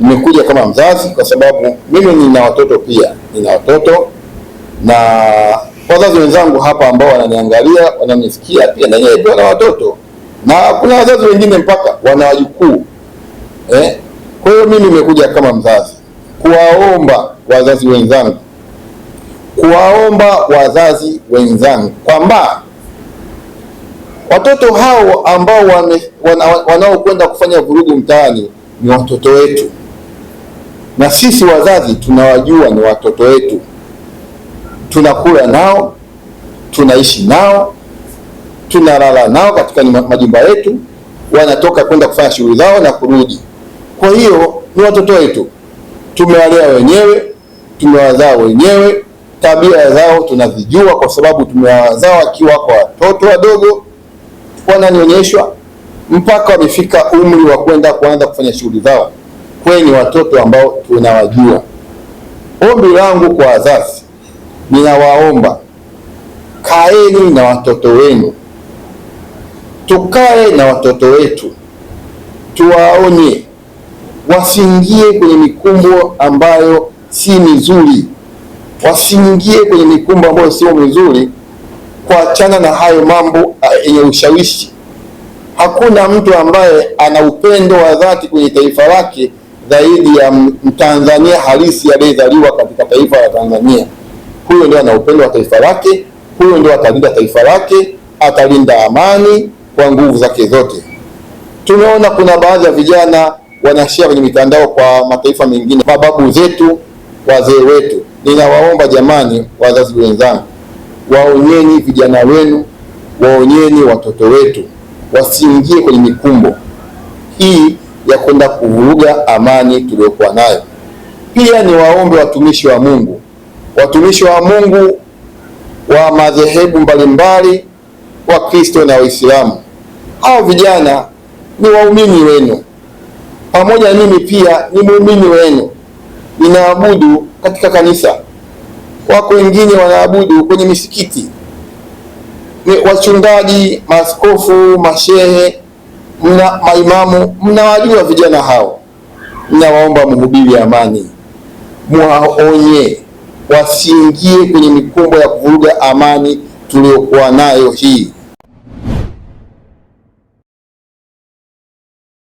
Nimekuja kama mzazi kwa sababu mimi nina watoto pia, nina watoto na wazazi wenzangu hapa ambao wananiangalia wananisikia, pia na yeye na watoto na kuna wazazi wengine mpaka wana wajukuu eh. Kwa hiyo mimi nimekuja kama mzazi kuwaomba wazazi wenzangu, kuwaomba wazazi wenzangu kwamba watoto hao ambao wanaokwenda wana, wana kufanya vurugu mtaani ni watoto wetu na sisi wazazi tunawajua ni watoto wetu, tunakula nao, tunaishi nao, tunalala nao katika majumba yetu, wanatoka kwenda kufanya shughuli zao na kurudi. Kwa hiyo ni watoto wetu, tumewalea wenyewe, tumewazaa wenyewe, tabia zao tunazijua, kwa sababu tumewazaa wakiwa kwa watoto wadogo, wananionyeshwa mpaka wamefika umri wa kwenda kuanza kufanya shughuli zao kweli ni watoto ambao tunawajua. Ombi langu kwa wazazi, ninawaomba kaeni na watoto wenu, tukae na watoto wetu, tuwaonye wasiingie kwenye mikumbo ambayo si mizuri, wasiingie kwenye mikumbo ambayo sio mizuri, kuachana na hayo mambo yenye ushawishi. Hakuna mtu ambaye ana upendo wa dhati kwenye taifa lake zaidi ya Mtanzania halisi aliyezaliwa katika taifa la Tanzania. Huyo ndio ana upendo wa taifa lake, huyo ndio atalinda taifa lake, atalinda amani kwa nguvu zake zote. Tumeona kuna baadhi ya vijana wanashia kwenye mitandao kwa mataifa mengine, mababu zetu, wazee wetu. Ninawaomba jamani, wazazi wenzangu, waonyeni vijana wenu, waonyeni watoto wetu wasiingie kwenye mikumbo hii kwenda kuvuruga amani tuliyokuwa nayo. Pia ni waombe watumishi wa Mungu, watumishi wa Mungu wa madhehebu mbalimbali, Wakristo na Waislamu. Hao vijana ni waumini wenu, pamoja mimi pia ni muumini wenu, ninaabudu katika kanisa, wako wengine wanaabudu kwenye misikiti, wachungaji, maaskofu, mashehe mna maimamu, mnawajua vijana hao, mnawaomba mhubiri amani, mwaonye wasiingie kwenye mikumbo ya kuvuruga amani tuliyokuwa nayo hii.